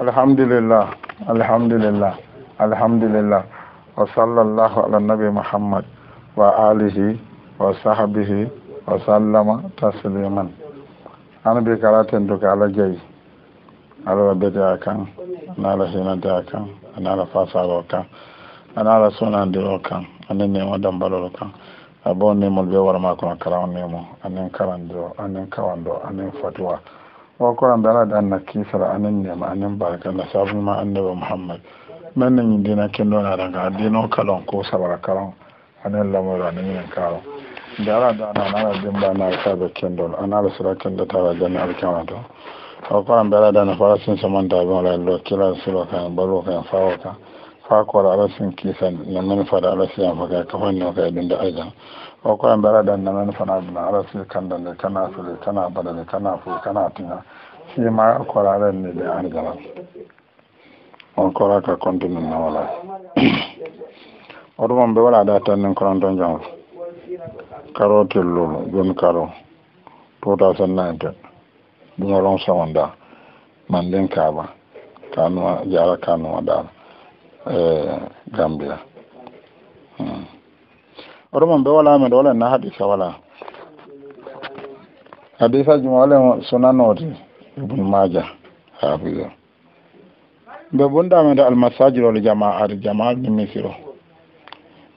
alhamdulillah alhamdulillah alhamdulillah wa sallallahu ala nabi muhammad wa alihi wa sahabihi wa sallama tasliman an bi karaten duka ala jayi ala rabbe da kan na ala hina da kan ana ala fasaro kan ana ala sonandiro kan ana nemo dambaloro kan abon nemol be warma kono karaw nemo anen karandiro anen kawando anen fatuwa wa kuran dala da na kisar anin ne ma'anin barka na sabu ma ba muhammad men yin dina kendo na daga dino kalon ko sabara kalon anin lamura na yin kalon da ala da na nara din ba na ka da kendo don da sura da ta ga janna alkama to da dala da na fara sun saman da abin la lo kila sura kan balo kan fawaka ka fa kisan na manufa da ala sun fa ka kafan ne ka da ajan o ko en mbara ɗan na fana duna ala si kandande kana fili kana badale kana fo kana tiña sima koraren ni ɓe arjala on koraka continue na wala oɗumon ɓe waɗa ɗa tannin koronto jam karo tellulu joni karo 2009 ɗumolon sawonda mandin kaba kanuma jara kanuma dala e eh, gambia oto mon ɓe wala meɗo wala na hadisa wala hadisa juma suna sunanoti ibnu maja hafiza ɓe bundamede almasajid ol jama ar jama'a ni misiro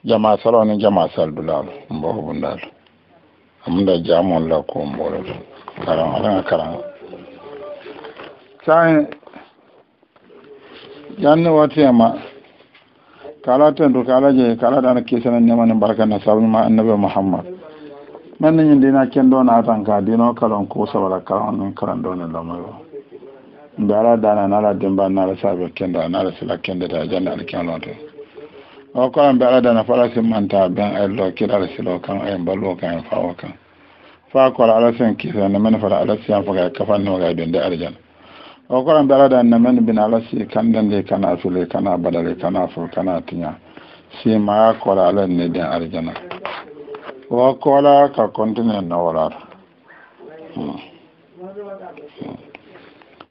jama sal oni jama saldulalo mboho bundalo amda jamol la ko mboloto karan alaa karan sae yanni kala ten to kala je kala ɗana kesana nemani baraka na ma annabi muhammad man ni na ken ɗo natan ka dino kalon kusawala kalan nin kalan ɗo ne lamoyo mbe ala dana nala dimba nala saɓe kenda la sila kendeta jande alkenlote o kolan mbe ala dana fala simmanta ben aylo kiɗa ala silo kan ay mballuo kan e fawo kan fa ko ala sen na man fara ala fa ka fa no ga ɗon da arjana o koran be alaada anna men bina ala si kandande kana fili kana badale kana fo kana tiɲa si ma ya kola ala hmm. hmm. ne den arijana wo kola ka continue nowolata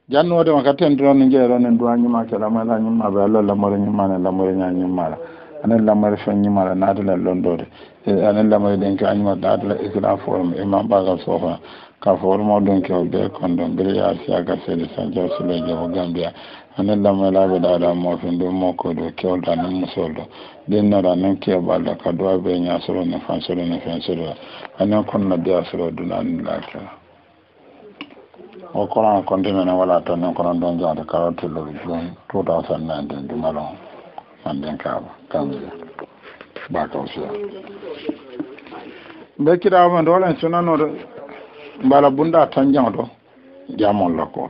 de ma katten toon ni jeeɗo nen duwa ñimake lamala ñimmaɓe allah lamore ñimmane lamore ña ñimmala anen lamore fen ñimala naatalen londode anen lamore ɗen ke añima naatala islam forum imam ɓagal sofana ka formo ɗum kew be kondon biri arsia ga seedi sadio sule jogo gambia ani lamoylaɓe ɗaɗa mofin ɗum mokkoɗo kewta nin musolɗo ɗinnoɗa nin keɓalɗo ka duwa ɓe ñasoro ni fansoro ni hani fensoro anin konno diyasoro dunani lakira o koran kontimene wala tan nin kono ɗon jade karotillo jun 2019 dumalon manden kaaba gambia bakawsiya şey. be kiɗaɓe ndolen sunanoɗo bala bunda tan janto jamon la ko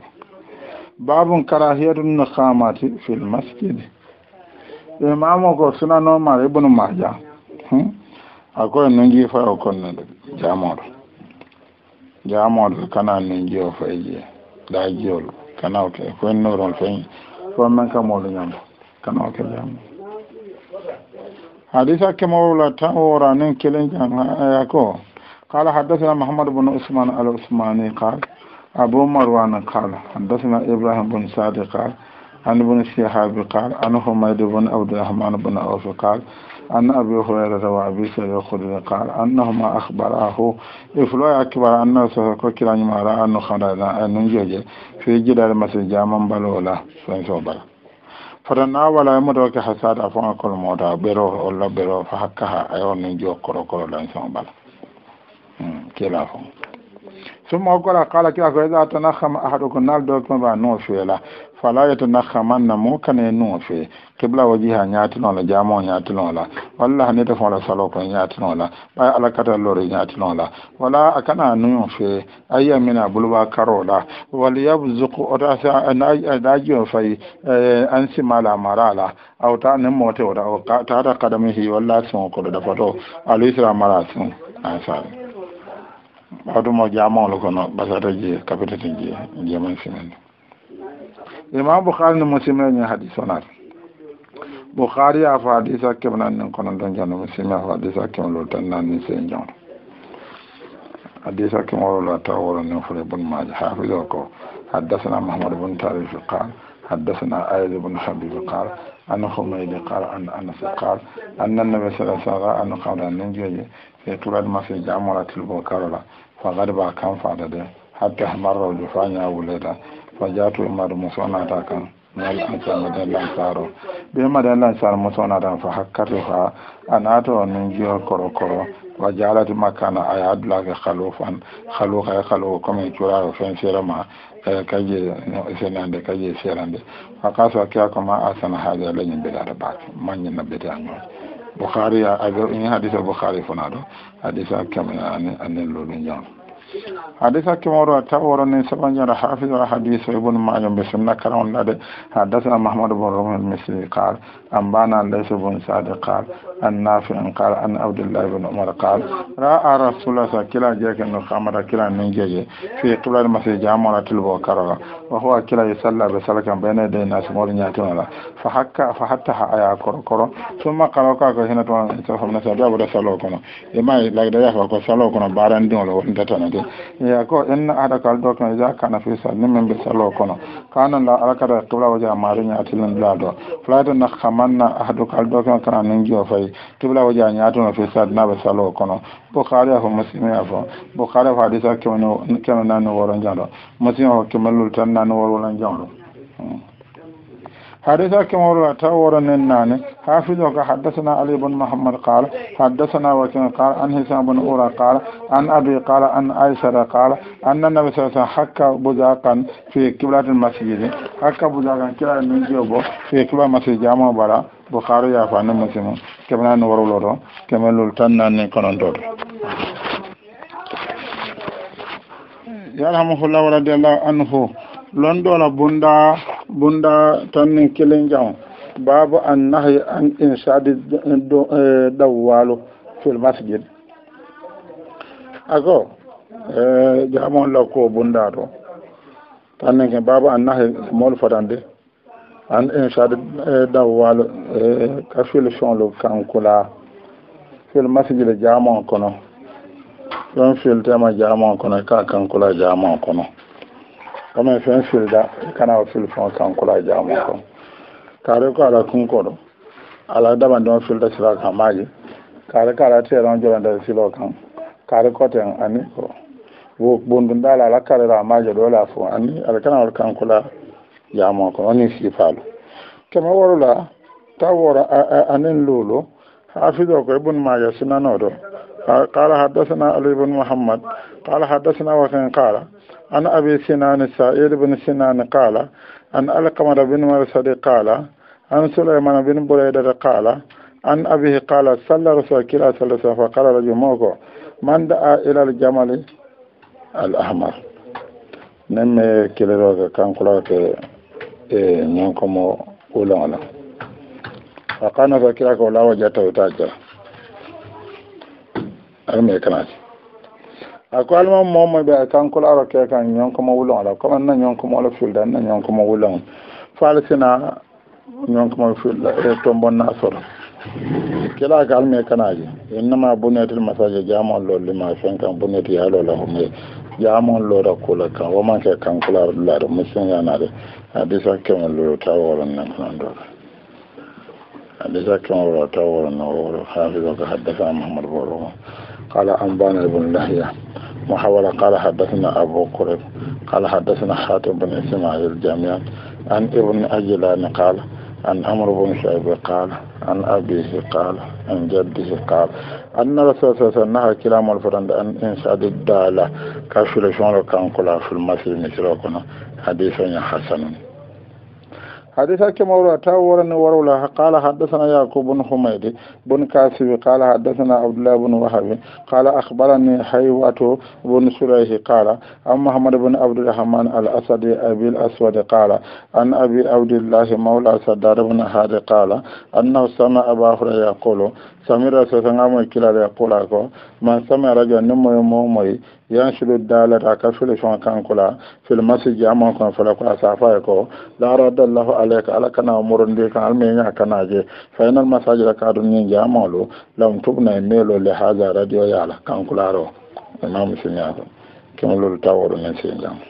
babun karahiyatun nakhamati fil masjid imamo e ko sunano ma ibnu e majah hmm? akoye nungi fayo konno ɗo jamoɗo jamoɗo kana nungi o fay jee da jiol kana oke koye norol fay fo men kamolu ñambo kana oke jamo hadisa ke kemowla tan woranin kelen jan e ko قال حدثنا محمد بن عثمان العثماني قال أبو مروان قال حدثنا إبراهيم بن سعد قال عن ابن شهاب قال عن حميد بن عبد الرحمن بن عوف قال عن أبي هريرة وأبي سعيد الخدري قال أنهما أخبراه إفلو أكبر أن سوكو كلا ما رأى أن خرجنا أن نجي في جدار المسجد من بلولا فإنسوبلا فتنا ولا يمدوك حساد أفوان كل مودا برو ولا برو فحكها أيون نجي وكرو كرو لإنسوبلا Hmm, kira ko sɔmi aw kɔrɔ a kala kira fɔ ɛdɛ atana hama ahadukun n'ale dɔw tuma bɛ a nɔ fɛ la fala yɛ tana na namu kana nɔ fɛ kibla wa jiha nyaa tɛ nɔ la jaamu nyaa tɛ la wala ne ta fɔ la ko kɔn nyaa la ba ala kata lori nyaa tɛ la wala a kana a nɔ fɛ a yi amina bolo b'a kari o la wali ya bu ta fa yi an si ma la mara la aw ta ne mɔ tɛ o la ta kadami fi wala sɔn o kɔrɔ dafa tɔ ale sera mara sun ɓaatumo jamolo kono basata jee kapitati jee jeman sinani imam bouhari no musidme ñin hadis onata bouhari a fo hadis a kemnan nin kono ton jano musidme a fo hadis a kemlol tan ni sen jon hadis a kemolola taw woro nin fure bon maji hafise ko haddasana mahamadou bon tarifi kar حدثنا آيد بن حبيب قال أنا خميد قال أن أنس قال أن النبي صلى الله عليه وسلم قال أن نجي في طول المسجد عمرة البوكار faqad ba kan fada de hatta marra du fanya wuleda fajatu umar musona ta kan nal anta madalla saro be madalla sar musona ta fa hakkatu fa anato nun jiyo koro koro wa jalatu makana ayadla ga khalufan khaluqa khalu kuma cura fen sirama kaje senande kaje serande fa kaso kiya kuma asana hada lanyin bidata ba manyin na bidata bukhari ya aga in hadisa bukhari fana do hadisa kama ya ne anen lolun jam hadisa kama waro ta waro ne saban jara hafiz wa hadis ibn majah bi sunna karam lade hadatha mahmud bin rumah misli qala أنبانا ليس بن سعد قال النافع قال أن عبد الله بن عمر قال رأى رسول الله كلا جاك النخامر كلا ننجي في قبل المسيح جامعة تلبو كرغا وهو كلا يسلى بسلكا بين يدي الناس مولي نياتون الله فحكى فحتى حيا كرو كرو ثم قال وكاك هنا تون سلفا من سعد أبو رسالو إما لك ديا فاكو سالو كنا بارن دون لو انتتنا دي يأكو إن هذا قال دوكنا إذا كان في سعد نمم بسالو كان لا أركض قبل وجه مارين ياتلن بلادو فلا تنخامر manna ahadu kal do kan kana nin jo fay tibla waja nya to fi sad na ba salo kono bukhari fa muslim ya fa bukhari fa hadisa kemno kemna na حديثا كما روى تاور الناني حافظك حدثنا علي بن محمد قال حدثنا وكان قال عن هشام بن أورا قال عن أبي قال عن أيسر قال أن النبي صلى الله عليه وسلم حك بزاقا في قبلة المسجد حك بزاقا كلا من جيوبه في قبلة المسجد جامع برا بخاري يافان مسلم كما نورو لورو كما لولتان ناني كنون دور يرحمه الله ورضي الله عنه لندو لبندا bunda tanni kelenjan baabu an nahi an insadi ɗaw e, walo fil masjid ago e, jamon law ko bunda ɗo tanni ke baabu an nahi molu fotande an insadi ɗaw e, walo ka fil fonlo kankula fil masjid jamon kono ɗon fil tema jamon kono ka kankula jamon kono kama fili da kana o fili fɛn kan kula mu ko kare ko ala kun ko do ala daba don da sira kan ye kare kala te ran jɔ da sira kan kare ko ten ani ko wo bondun dala ala kare la maji dole a fɔ ani ala kana o kan kula mu ko ni si fa la kama wɔɔrɔ ani lolo lulu dɔ ko ibn majah sunan do قال حدثنا علي بن محمد قال حدثنا وكان قال عن أبي سنان سعيد بن سنان قال عن القمر بن مرسد قال عن سليمان بن بريدة قال عن أبيه قال صلى رسول الله صلى الله عليه وسلم فقال رجل موكو من دعا إلى الجمل الأحمر نمي كيلو كان كلاك نيانكم ولا ولا فقال رسول الله ولا وجدته تاجر أرمي كناتي ay ko almam momo ɓe ay kanko laro ke kan ñonkomo wulong ala comme anna ñonkomo ala fulde anna ñonkomo wulong falsina ñonkomo fulɗa e to bonna soro kela kalmi kanaji innama bonnetel massage jamonlolima fen kan bonnet yalolahom jamonlora kula kan womanke kankularo ɗulaɗo musiganaɗe adisa kemolo tawolonnenonoɗor adisa kemolo tawolono woro hafisoko haddasa mahamadu boro قال أنبانا بن لحية محاولة قال حدثنا أبو قريب قال حدثنا حاتم بن إسماعيل جميعا عن ابن أجلان قال عن عمرو بن شعيب قال عن أبيه قال عن جده قال أن رسول صلى الله عليه وسلم كلام الفرند أن إنشاد الدالة كشف لشون كان كلا في المسجد مثل حديث حسن حديث كما رواه ورن ورولا قال حدثنا يعقوب بن حميد بن كاسب قال حدثنا عبد الله بن وهب قال أخبرني حيوة بن سليح قال عن محمد بن عبد الرحمن الأسدي أبي الأسود قال عن أبي عبد الله مولى سدار بن هادي قال أنه سمع أبا هريرة يقول samira kila da kula ko man sami radio ni moye momoye dala dalata ka fili shon kan kula fili masjid amma kan fɔlɔ ko a safa ko lahara dalahu alayka alaka na kana de kan almi ɲa kana je final masaji ka dun ɲin je ama lam tubna melo le haza radio ya la kan kula ro imam sun ya ko kemololu taworo ɲin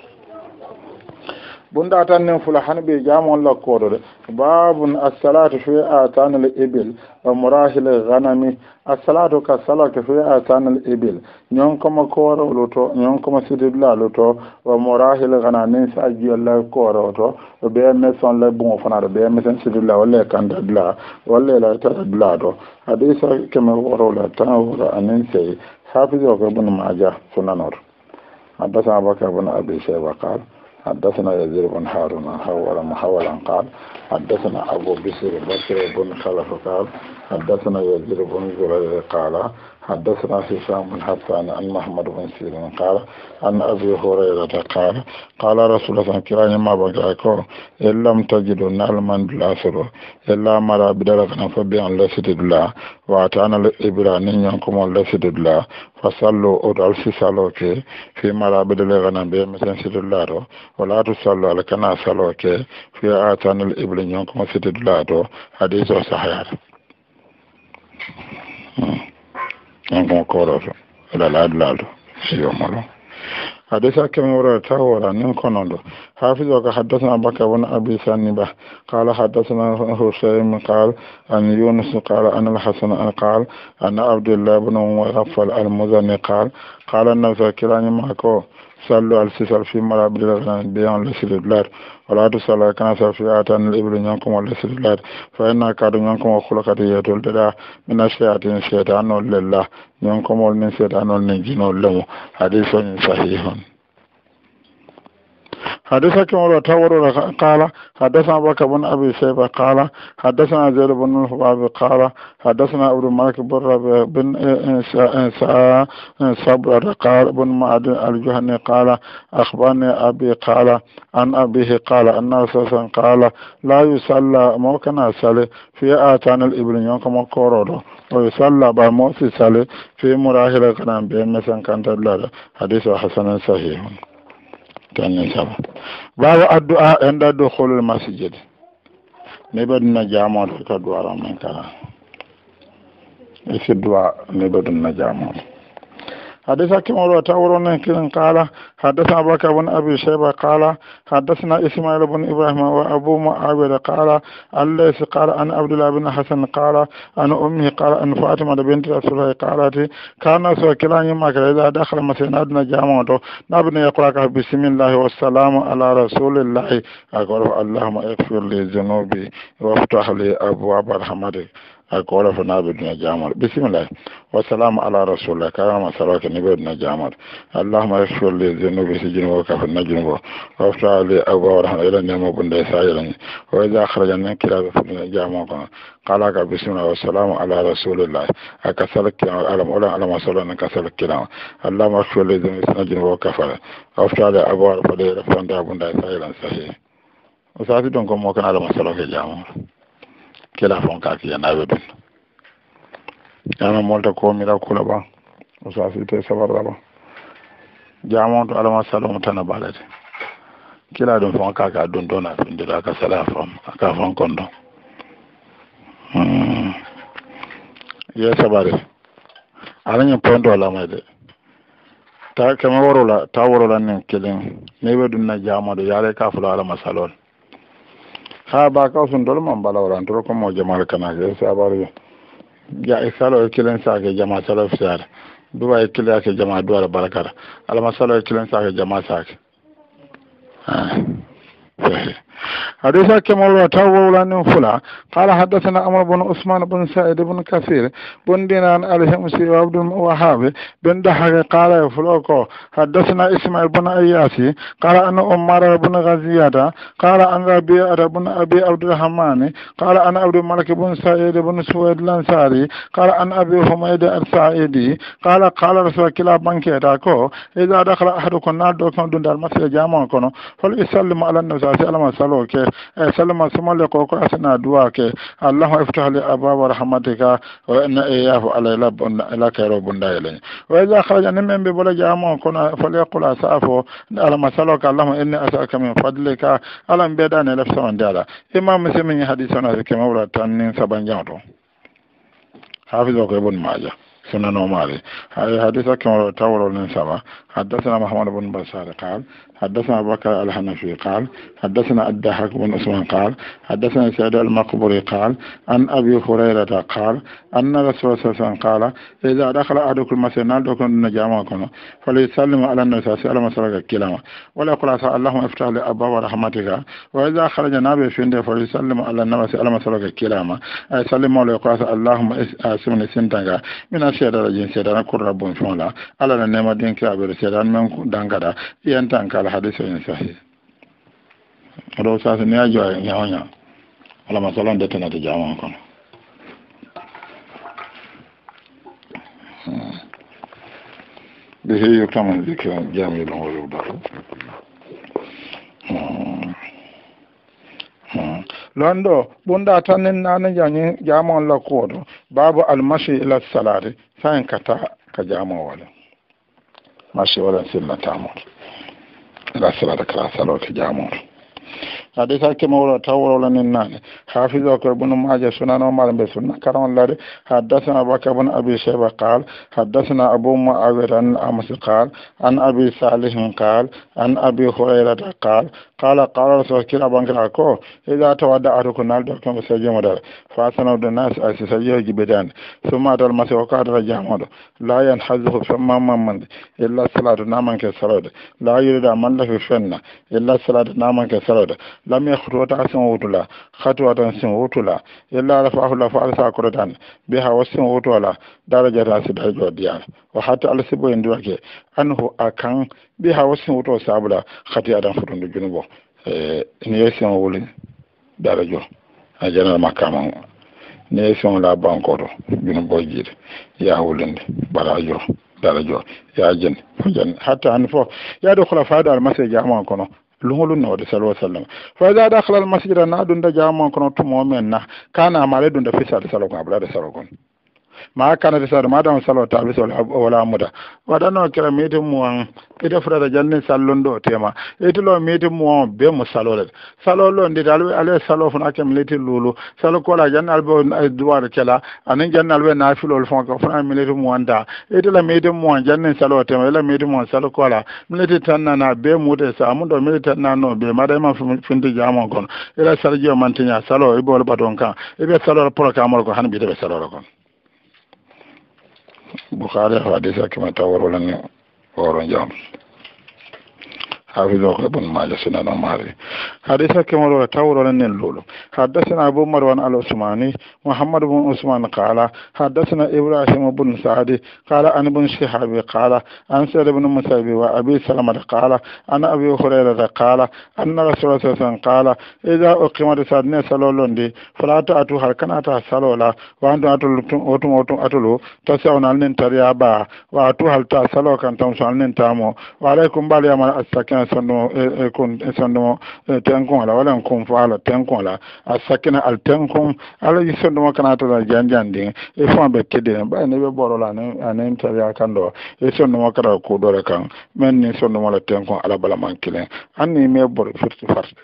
bunda tan ne fula han jamon la kodo de babun as-salatu fi atan al ibil wa murahil al-ghanami as-salatu ka salatu fi atan al ibil nyon ko ma ñon koma nyon ko ma koma la to wa murahil al-ghanami sa jiyalla koro to be me son la bon fana de be ɗo ɓe mesen sididla walla e kanta la walla la tata dula to hadisa woro la ta wora anin sey hafizo ko ibnu maja sunanor حدثنا بكر بن ابي شيبه قال حدثنا يزيد بن هارون عن حول محولا قال حدثنا أبو بشر بكر بن خلف قال حدثنا يزيد بن زرير قال حدثنا حسام الحسان عن محمد بن سيرين قال عن أبي هريرة قال قال رسول الله كراني ما بقاكو إن لم تجدوا نال من دلاسرو إلا مرا بدرك نفبي عن لسد الله واتانا الإبراني ينكم لسد الله فصلوا أدعو سسالوك في مرا بدرك نبي مثل سد الله ولا تصلوا على كنا سالوك في آتانا الإبراني ينكم سد الله حديث صحيح Hmm. on kon kooroto eɗal adlaaɗo siyomolo حديث كم ورتاورا نكونند حافظ وك حدثنا بكر بن ابي سنبه قال حدثنا حسين قال ان يونس قال ان الحسن قال ان عبد الله بن مغفل المزني قال قال النبي صلى الله sallu al sisal fi mala bidilasan biyan lasirillat wala tu sala kana sa fi atan ibru nyankomo lasirillat fa ina kadu nyankomo kulakati yetol dada mina shayatin shaytanol lella nyankomol min shaytanol nin jinol lemu hadiso nin sahihun حديث كما تورو قال حدثنا بك بن أبي شيبة قال حدثنا زيد بن الحباب قال حدثنا عبد الملك بن صبر قال بن معد الجهني قال أخبرني أبي قال عن أبيه قال أن أساسا قال لا يصلى موكنا سالي في آتان الإبل يوم كورولو ويصلى بموسي سالي في مراحل قدام بين مثلا كانت حديث حسن صحيح kanin saba babu addu'a ɗan da dukkanin masjid ne ba duna jama'a da e ka duwara mai kara isi e duwa ne ba duna jama'a حدثنا كم روى تاورون كن قال حدثنا أبو بكر بن أبي شيبة قال حدثنا إسماعيل بن إبراهيم وأبو معاوية قال الليث قال أن عبد الله بن حسن قال أن أمه قال أن فاطمة بنت رسول الله قالت كان سوكلا كلا يما إذا دخل مسجدنا جامعته نبني يقرأ بسم الله والسلام على رسول الله أقول اللهم اغفر لي ذنوبي وافتح لي أبواب رحمتك akola fana be dina jamal Wa wasalamu ala rasulillah ma salawata ni be dina jamal allahuma yasfir wale zunubi si junubo kafin na junubo wafta li abawar hana ila nemo bunda sa yelani wa idha nan kira da fi na jamar kono kala ka wa wasalamu ala a kasar kiran alam ola alama solo na kasar kiran na yasfir kafin. Wa si junubo kafa wafta li abawar fada ila fanda bunda sa yelani sahi usati don ko mo kana alama solo ke jamal kila fon ka ki yana be dun yana molta ko mira da kula ba o sa si sabar da ba jamon to alama salamu na balade kila dun fon ka ka dun dona dun da ka sala fam ka fon kondo hmm. ya sabare alanya pondo alama de ta kama warola ta warola nin kilin ne be dun na jamo do yare ka alama salon ha ba ka sun dole man balawra antoro ko mo jamal kana ke sabaru ya isalo e kilen sa ke jama salo e fiar duwa e kilen ke jama duwa barakara alama salo e kilen sa ke jama sa ke حديث كما رواه وولان فلا قال حدثنا عمر بن عثمان بن سعيد بن كثير بن دينان الهمسي وعبد الوهاب بن دحك قال فلوكو حدثنا اسماعيل بن اياسي قال ان عمر بن غزيادة قال ان ربيعة بن ابي عبد الرحمن قال ان عبد الملك بن سعيد بن سويد الانصاري قال ان ابي حميد السعيدي قال قال رسول كلا بنكيتا كو اذا دخل احدكم نار دوكم دون المسجد جامعكم فليسلم على النبي صلى الله عليه وسلم salo ke e salama simole ko ko asna duwa ke allahumma iftah li ababa rahmatika wa inna iyahu ala ila ila kairo bunda ile wa iza kharaja nim membe bola jamo ko na kono falyaqul asafo ala masalo ka allahumma inni asaka min fadlika ala mbeda ne lafsa mandala imam muslimin hadisi na ke mawla tanin saban jawto hafizo ko ibn majah sunano mari hadisa kemaro tawro nin sama حدثنا محمد بن بشار قال حدثنا أبو بكر الحنفي قال حدثنا الدحاك بن عثمان قال حدثنا سعيد المقبري قال عن أبي هريرة قال أن رسول الله صلى الله عليه وسلم قال إذا دخل أحدكم المسجد نالكم نجامكم فليسلم على النبي صلى الله عليه وسلم كلاما ولا يقول عسى اللهم افتح لي أبواب رحمتك وإذا خرج نبي في فليسلم على النبي صلى الله عليه وسلم كلاما أي سلم ولا يقول عسى اللهم اسمني سنتك من الشيطان الجنسي أنا كل رب فولا على النعمة دينك أبرس keɗan men dankata iyantan kala hadise en sahih oɗo sasa ni a jowa ñawoña alama salon de tenata jaman kono bihi yurtaman zikra jamilun wa yudar lon ɗo ɓunɗa tan nin nane jañi jamon lakkuwoɗo babu almasi ila salati sain kata ka jamowole marché waɗan silla tamuto ala sirata kala salawte jamuto hadis hakkima wuro tawrola nin nane hafiz bakar bnu maja sunan omar be sunna karan lade haddasana bakar bnu abi sheba qal haddasana abu muawir an amas qal an abi salih qal an abi hurairata qal qala qala rasul kila bankira ko ida tawadda atuko naldo kon sajjemodal fasanawde nas asi sajjoji bedande summa dal masi o kadata jamoɗo la yanhazuhu femma mammande illa salatu namanke salode la yurida mallafi fenna illa salatu namanke salode lam yakhtu wata sin wutula khatu wata sin wutula illa rafahu la fa'al sa qur'an biha wasin wutula darajata su da jodiya wa hatta al sibu indwake anhu akan biha wutu wa sabula khati adam futun da junubo eh ne sin wulin darajo a janar makaman ne sun la bankoro bin jiri ya bara wulin barajo darajo ya jin fujan hatta an fo ya da khulafa da almasai jama'an kono luŋolu noode salwa sallam fa ida dakhala almasjida na dunda jaman kono tumo men na kana amale dunda fi sal salo kon da salo kon ma kana da sar ma da salo ta bi wala muda wadano kira mitin mu an ida fura da jannin sallon do tema lo mitin mu be mu salo da salo lo ndi dalwe ale salo funa kem leti lulu salo ko la janna albo eh, duwa da kala anan janna alwe na filo fon ko funa mitin mu anda itila mitin mu an jannin salo tema ila mitin mu salo ko la mitin tanna na be mu da sa mu do mitin tanna no be ma da ma fundi jamon kon ila sarjo mantinya salo ibol baton kan ibe salo pro kamol ko han bi de salo kon bukhari hadisa kima tawar wala ni waron jam حافظه ابن ماجه سنن مالي حديثة كما لو تاور لنن لولو حدثنا ابو مروان العثماني محمد بن عثمان قال حدثنا ابراهيم بن سعد قال عن ابن شهاب قال عن سعد بن مسعب وابي سلمة قال عن ابي هريرة قال ان رسول الله صلى الله عليه وسلم قال اذا اقيمت سادني سلولون دي فلا تأتو هل كان تسلولا وانتم اتلتم اوتم اوتم اتلو تسعون لنن تريابا واتو هل تأسلو كان تمسون لنن تامو وعليكم بالي السكن sondomo sondomo tenkon ala wala kon fo ala tenkon la a sakina al tenkon ala yi sondomo kana to la janjan e fon be kede ba ne be boro la ne anen tabiya kan do e eh, sondomo kara ko dore kan men ni sondomo la tenkon ala bala man anni me boro firti farti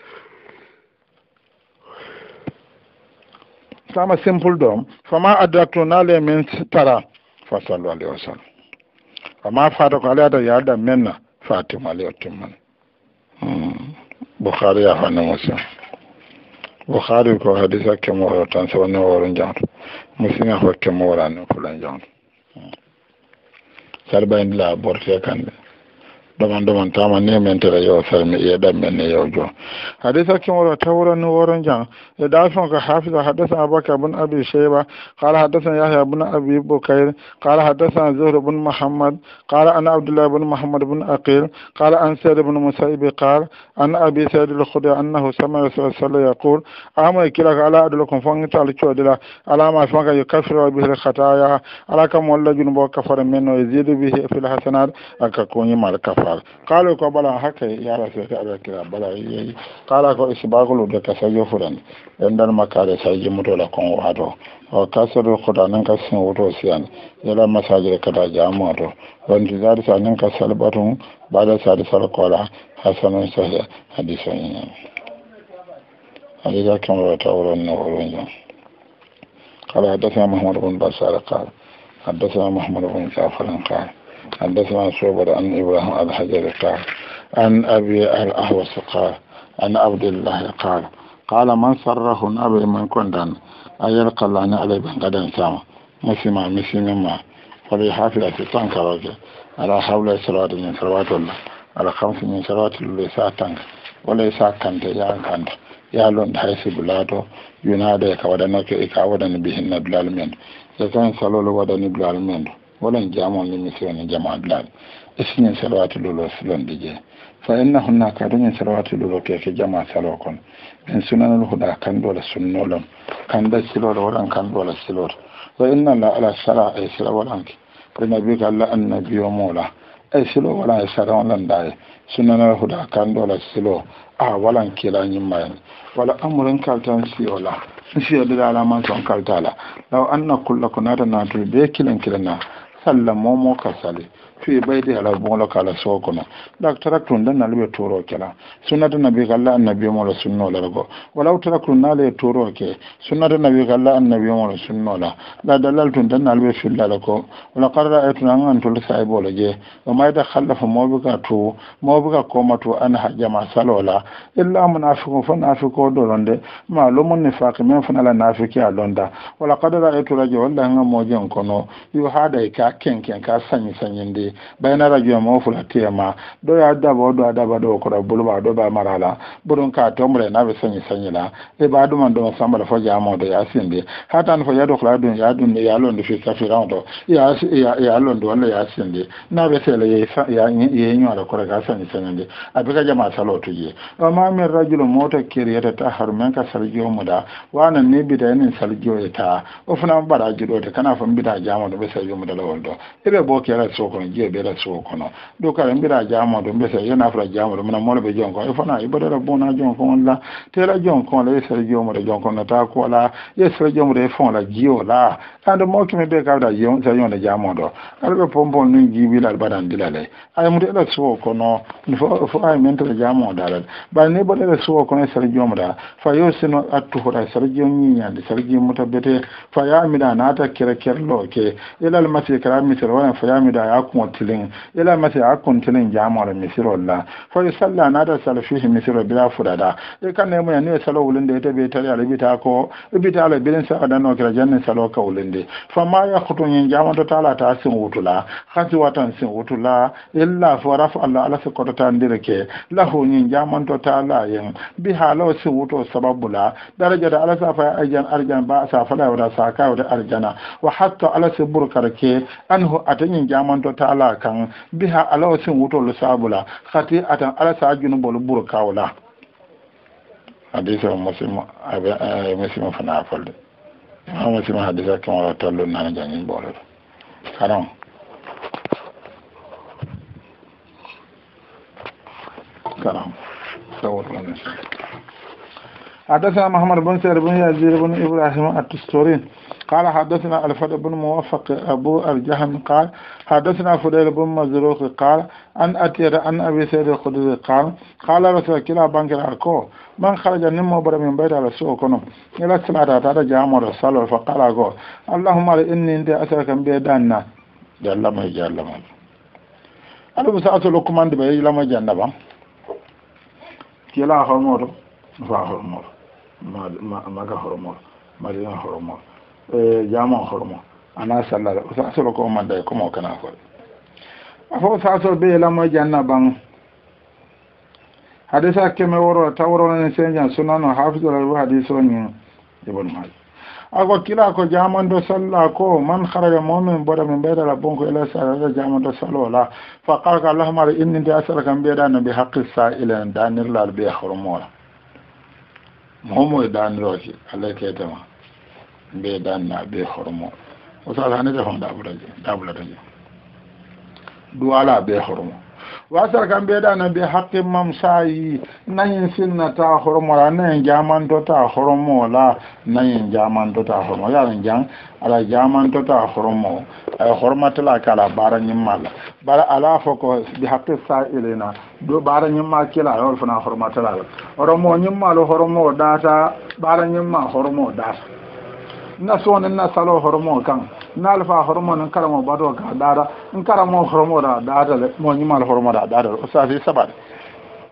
sama simple ɗom fama min tara fa sallu alayhi wa sallam fata ko ala yada yarda menna fatima alayhi timman Hmm. bukhari ya fannin muslim bukhari ko hadisa kemo woro tan so ne woro jangto muslim ya fa kemo wora ne fulan jangto hmm. sarbay la borte kande ɗoman ɗoman tama iya mentira yo sarmi iye ɗammen ni yo jo hadisa kimoro tawrani woron jan e ɗafon ko hafisa haddasan abubakar bun abi sheba qala haddasan yahya bun abi bukair qala haddasan zuhr bun muhammad qala ana abdullah bun muhammad bun aqil qala an sa'id bun musaib qala an abi sa'id al-khudri annahu sami'a rasul sallallahu yaqul kila qala adlukum fangital chodila alama fanga yukaffiru bihi al-khataya ala kam walla junbo kafara min yazidu bihi fil hasanat mal kafara kara kalo ko bala haka ya rasu ta ala kira bala yayi kala ko isbagulu da ka sajo furan dan dan makare saji muto la kon wato o kasoro khuda nan ka sin wato siyan yala masajir ka da jamu to wanda zari sa nan ka salbatun ba da sa na wurin yau قال حدثنا محمد بن بشار قال حدثنا محمد بن جعفر قال حدثنا شعبة عن إبراهيم الحجر قال عن أبي الأهوس قال عن عبد الله قال قال من سره أبي من كندن أيلقى الله عليه بن سامة مسلمة مسلمة ما فليحافظ على ستان كراجة على حول صلاة من صلوات الله على خمس من صلوات الله ساتنك وليس كنت يا كنت يا لون حيث بلادو يناديك ودنك إكا ودن بهن بلالمين يكن صلوا ودن بلالمين ولن جامو من نسيان جامع بلاد اسمين سلوات لولو سلون ديجي فإن هناك رمين سلوات لولو كيك جامع سلوكون من سنان الهدى كان دول سنولم كان دا سلور ولن كان دول سلور وإن الله على سلاء أي سلا ولن لنبيك الله أن نبي مولا أي سلو ولا يسرى ولن داي سنان الهدى كان دول سلو a ولن كلا نمائن ولا أمر amurin kaltan siyola siyo da dala man son kaltala law anna kullakum na da na tulbe sallan mu muka sale fi baydi ala bongolo kala so kono dak taraktum dan nalbe toro kala sunnata nabi kala annabi mo la sunno la go wala taraktum nale toro ke sunnata nabi kala annabi mo la sunno la dalal tun dan nalbe filla la ko wala qarra aytuna an tul saibo la je o may da khallafa mo bi ka to mo bi ka koma to an ha jama salola illa munafiqun fa nafiqo londe ma lo mon nifaqi men fa ala nafiki alonda wala qadara aytu je wala nga mo jen kono yu hada ka kenken ka sanyi sanyi ye bayna rajuya mo fulatiyama do ya daba o do a daba do kora b'a do ba mara la buɗum ka tomre na ɓe sañi sañi la e b'a ɓa ɗuman ɗuma sambala fo jamode ya sindi ha tan fo yadokola ɗum ya ɗum ya londi fi safiran to ya londi walla ya sindi na ɓe seela ye y'a ye ñoore kora ka sañi sañinde aɓe ka jama salo tuji o mamin rajulu moto kiriyete taharu men ka salgio muɗa wanan ni da enin salgio e ta o fana mbaɗa juɗote kana da fo mbiɗa jamode ɓe salgio muɗa lawol ɗo eɓe bo kera sokono je bela so kono do kala mbira jamo do mbesa yana fura jamo do mona mole be jonko e fana ibada rabbona jonko la tela la yesere jomo de na ta ko la yesere jomo de fon la jio la ando mo kimi be ka da yon sa yon de jamo do ala be pompon nun jibi la badan dilale ay mu de la so kono fo fo ay men tele jamo dalal ba ne la so kono yesere jomo da fa attu fa ya mi da na ta kere kere lo ke ilal kara mi wala fa ya mi da ya tilin ila masi a tilin jamar misiro la fo yi salla na da salafihi misiro bila fudada e kan nemo ya ne salo wulin da ita bai tare ala bita ko e bita ala bilin sa da no kira jannin salo ka wulin da fa ma ya kutu yin jamar ta tala ta sin wutula hasi watan sin wutula illa fa rafa Allah ala su kota ta ndirke lahu yin jamar ta tala yin bi halaw sin wuto sababula daraja da ala safa ya ajiyar arjan ba sa fala wada sa ka wada arjana wa hatta ala sa burkarke anhu yin jamar ta tala ala kan biha alaw sin wutol sabula khati atan ala sa junubol burkawla hadisa muslim eh, muslim muslim hadisa kan wala tallo na jangin bolo haram karam sawat حدثنا محمد بن سير بن يزيد بن إبراهيم التستورين قال حدثنا الفرد بن موفق أبو الجهم قال حدثنا فضيل بن مزروق قال أن أتير أن أبي سيد الخدري قال قال رسول كلا بانك الأركو من خرج نمو بر من بيت على سوء كنم إلى الصلاة تعالى جامع الرسول فقال أقول اللهم إني أنت أسرك بيدانا جل الله جل الله أنا بس لكم عن دبي لما جنبا كلا أخر مورو هرمور فهرمور maga hormo madina hormo eh, jaman hormo ana sallara o sasoro ko manda ko kana fo a sasor be la mo janna ban hadisa keme woro tawro ne senjan sunano hafizul al hadiso ni ibn maj ako kila ko jamando salla ko man kharaja mu'min boda min bayda la bonko ila salla jamando sallo la fa qala allahumma inni as'aluka bi haqqi sa'ila danir la bi khurmola momo e ɗanirooje allah keetema mbe ɗanna be hormo o sasanede hon ɗaɓurata je ɗaɓurata je duwala be hormo wasar kan be da na be haqqin mamsayi nayin sinna ta hormora nayin jaman to ta hormola nayin jaman to ta hormo ya ran jan ala jaman to ta hormo ay hormatala kala yin mal bar ala foko bi haqqi sa'ilina do yin mal kila yol fana hormatala hormo mal hormo data yin nyimma hormo data na so ne na salo hormo kan na alfa hormo nan karamo bado ga dara in karamo hormo da dara mo ni mal hormo da dara o sa fi sabar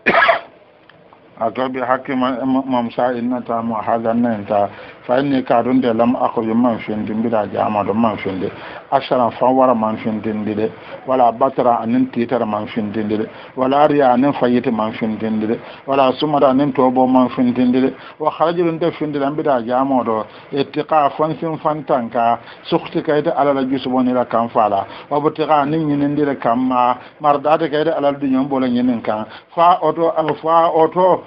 a to bi hakki ma mamsa inna ta mu hadan nan ta fayinni ka da de lam akoyo man fendi mbiɗa jamaɗo man fendi asara fan wara man fendindi de wala batara anin titara man fendindi de wala riya anin fayiti man din de wala sumata anin tobo man fendindi de wa harajirun te fendidi an mbiɗa jamoɗo ittiqa fonsin fantanka sukti kayde alala jusubonira kan fala wabtiqa anin ma alal kan fa oto fa oto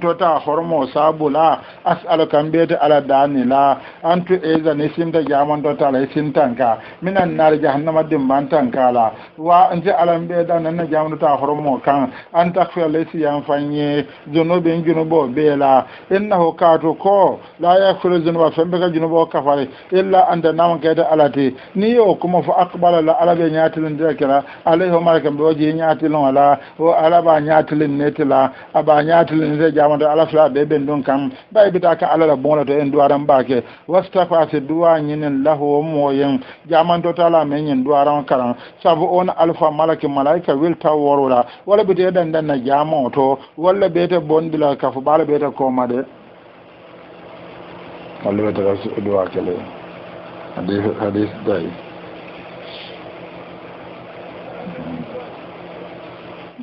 tota hormo sabula asalo ti ala dani la antu eza ni sinta jamanto tala sintanka mina nar jahannama dimban tankala wa anti ala be da nan jamanto ta horomo kan an la si yan fanye zunubin junubo bela innahu kato ko la yakfiru zunuba fembe ka junubo kafare illa anta da ala alati ni yo kuma fa akbala la alabe nyatilin dakira alaihi malakan be waji nyatilin wala o alaba nyatilin netila aba nyatilin ze jamanto ala fla be ben don kan bai bita ka ala la bon wonoto en duwaran ɓake wastafa se duwa ñinen lahu o moyen ƴamanto tala men ñin duwaran karan saabu on alpha malake malaika wilta worola walla ɓete ɗandanna jama o to walla ɓeyete bonɗila kafo ɓaala ɓeyete koma de walla ɓetera duwa kele hadis hadis day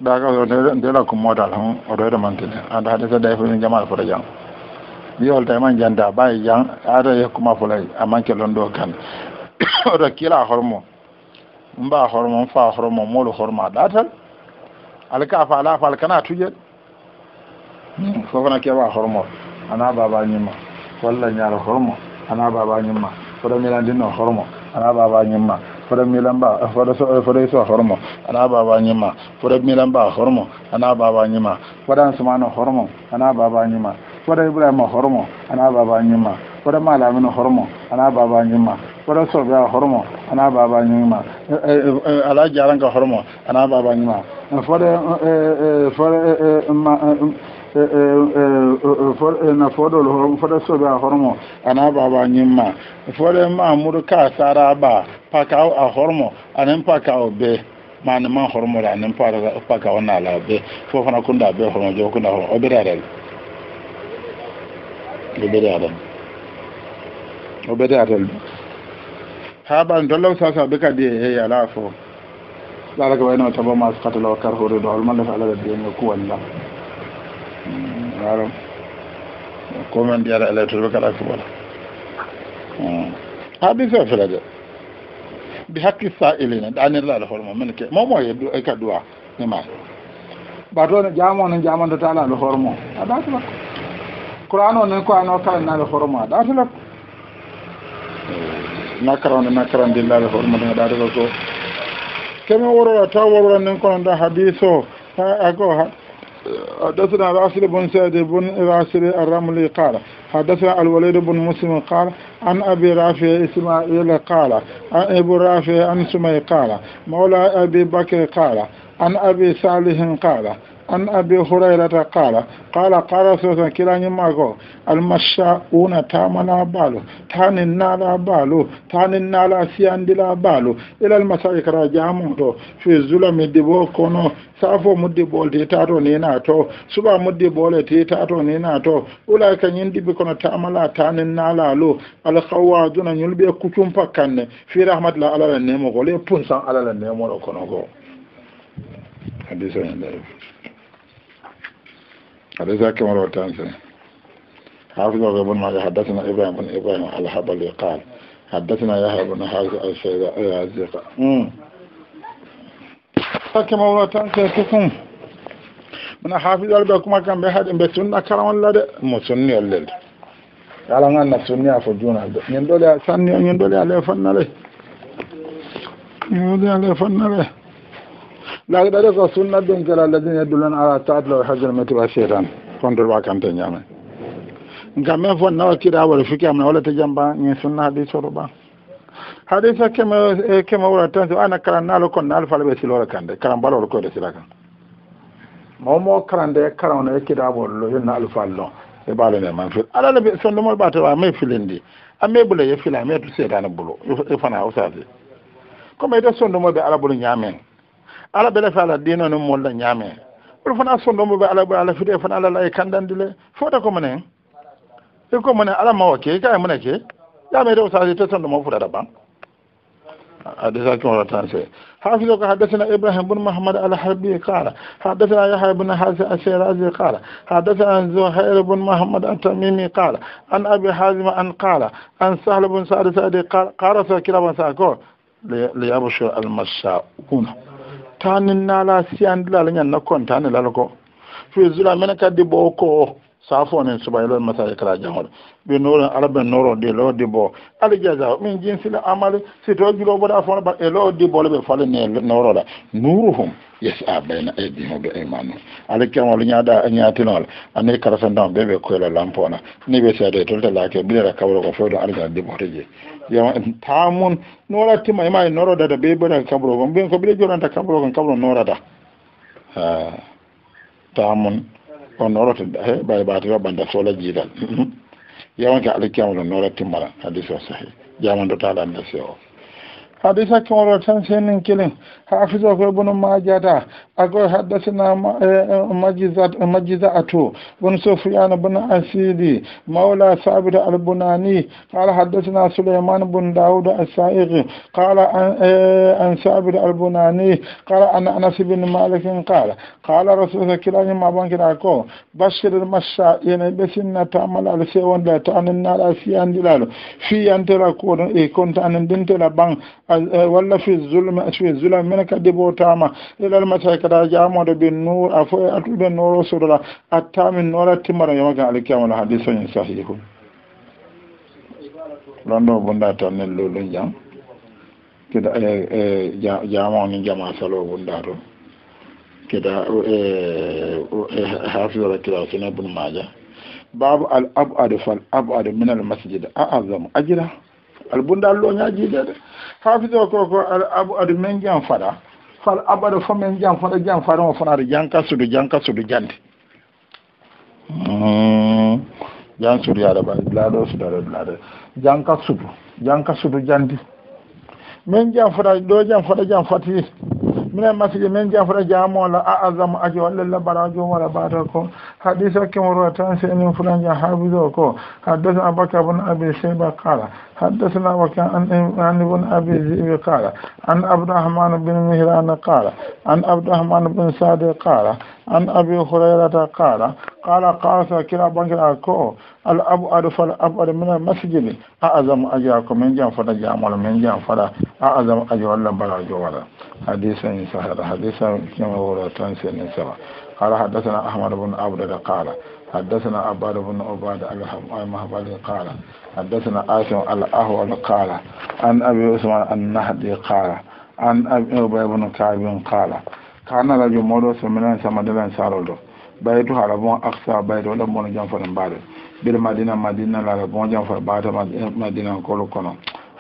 daga o ndela ko modal hon o ɗoyde mantine ad hadise day fo min jamal fota jang ta man janda bay yan ada ya kuma fulay aman ke londo kan ora kila hormo mba hormo fa hormo molo hormo a alka fa ala fa alkana tuje hmm, fofana wa hormo ana baba nyima walla ñaara hormo ana baba ñimma foɗo milandinno hormo ana baba nyima fodo milamba foɗo fodo so hormo ana baba fodo foɗo milamba hormo ana baba nyima fodan sumano hormo ana baba nyima wara ibrahima hormo ana baba nyima wara malamina hormo ana baba nyima wara sobia hormo ana baba nyima ala jaranka hormo ana baba nyima fore fore na fodol hormo fore sobia hormo ana baba nyima fore mamuru ka saraba pakao a hormo anen pakao be ma ne ma hormo da anen pakao na ala be fo fana kunda be hormo jo kunda hormo obirarel ببدعة وبدعة هابا ندلو ساسا بك دي هي العفو ذلك بأنه تبا ما أسقط له كره رضا الملف على الدين يكوى يعني الله عارف كومن ديار إلى تلبك الأكبر هذه سافرة دي بحق السائلين دعني الله لحرمه منك ما ما يدو أكدوا نماء بعدون جامون جامون تتعالى لحرمه هذا أسبق qur'an onen ko ano karannaɗe horoma ɗatala nakarawde nakarandillade horma da ɗatala ko keme worora taw worora nden kono ɗa hadis o ako حدثنا راسل بن سعد بن راسل الرملي قال حدثنا الوليد بن مسلم قال عن رافع قال عن رافع عن سمي قال مولى بكر قال عن صالح قال an abi hurairata qala qala qala sosa kilañimmako almashauna tamana baalo tanin naala baalo tanin naala siyandila baalo ilal masai kara jamum to fi zulami dibo kono safo ta te tato nina to suɓa ta te ne na to ulay ka ñindiɓe kono tamala tanin naala lo alhawaduna ñulɓe kucum pakkanne fi rahmatla alala nemogol e punsan alala nemolo kono go hadisa en dawi حديث كمر والتانسي حافظ ابن ماجه حدثنا ابراهيم بن ابراهيم الحبلي قال حدثنا يحيى بن حارث الزيق كما ولا تنسيكم من حافظ البيت كما كان بحد ان بسنة كلام الله مسني الليل قال انا سني افجون من دول سني من دول عليه فن عليه من دول عليه فن عليه لكن هذا هو سنة دنجل الذين يدلون على تعدل وحج المتبع الشيطان كنت الواقع أنت نعمل نكمل فن نوع كده أول فكرة من أول تجنبا يسنة حديث ربا حديث كما كما ولا تنسى أنا كلام نالو كنا ألف على بيسيل ولا كنده كلام بالو ولا كده سلاكن ما مو كنده كلام نوع كده أول لو ينا ألف على لون يبالو نعمل في على لبي سنة ما باتوا ما يفيلندي أما يبلا يفيل أما يتسيران بلو يفنى أوسادي كما يدرسون نمو بألبون يعمل ala bele fa ala dino no molla nyame pour fana sondo mo be ala be ala fide fana ala lay e kandandile fota ko menen e ko menen ala ma wake e ka e menen ke ya me do sa te sondo mo fota da ban حدثت مرتين حافظك حدثنا إبراهيم بن محمد الحربي قال حدثنا يحيى بن حازم الشيرازي قال حدثنا زهير بن محمد التميمي قال عن أبي حازم أن قال عن سهل بن سعد سعدي قال قال سكر بن سعد ليبشر المشاء كونه tanin nala siyan na kwanta nyanna lalako fi fezula mena kadi boko safo nin subayilol masari kala jangol ɓe noren araɓe noro de lo dibo ali jaza min jinsila amali sito julo boɗa fona ba e lo dibole ɓe fale ne la norola nuruhum yes a bayna aidihum e ɓe imanu e ali kermol ñaɗa ñatinol ani karasandan ɓe ɓe koyla lampona ni ɓe la ke laake bilera kawro ko fewɗo aljana dibote je yama tamum norattima ima e, e norodata ɓe ɓeɗa kabro kon ɓen ko ko ɓiɗe joɗanta kabro kon kabro norata tamum on norotinda eh, he ɓawi ɓatira ɓanda sola jiilan yawanke alkiyamalo nora timmaran hadis o sahi jamandotaɗa annasi o hadisa kewolo tan senin kilin حافظ ابن ibnu majata حدثنا haddasina majiza'atu بن سفيان بن asidi مولى ثابت البناني قال حدثنا سليمان بن داود السائغ قال عن ثابت البناني قال عن انس بن مالك قال قال رسول الله صلى الله عليه وسلم بشر المشاء يعني بسنة تعمل على سيوان لا تعني على في أن دلال في أن ترى كنت أن دنت لبان ولا في الظلم في الظلم men ka debotama ilal masay kada da bin nur a fo atuɓe noro sorola attamin nora timmara yamaga alkiyamala hadis oñin sahihu londo bunda tan nen lolun jam kida eh, eh, jamo ni jama salo bunda to kida eh, wala kira sunan ibn majah باب الابعد فالابعد من المسجد اعظم al albunda alloñaji de de hafideo ko ko aɗa men jan faɗa fal abada fo men jan faɗa jan faɗa o fona aɗa janka sudu janka sudu jande jan sudu yaɗa ɓa laaɗo sudare laaɗe janka sudu janka sudu jandi min hmm. jan faɗa do jan faɗa jan fati minen masiji min jan faɗa jamola a azamu aji walla labarajo wala bata ko hadisa kimoro tan senin fulan jan hafido ko haddasa abakar bun abi sheyba kala حدثنا وكان عن ابن أبي ذئب قال عن عبد الرحمن بن مهران قال عن عبد الرحمن بن سعد قال عن أبي هريرة قال قال قال كلا بنك الأكو الأبعد فالأبعد من المسجد أعظم أجاكم من جان فلا جامل من جان فلا أعظم أجو الله بلا جو ولا حديثا صحيح حديثا كما هو تنسين سوا قال حدثنا أحمد بن عبد قال حدثنا عباد بن عباد المهبلي قال حدثنا آسم الأهول قال عن أبي عثمان النهدي قال عن أبي أبي بن كعب قال كان رجل مدرس من سمدلن سارولو بيتو هربون أقصى بيتو لمن جنفر بعد بالمدينة مدينة لربون جنفر بعد مدينة كولو كنو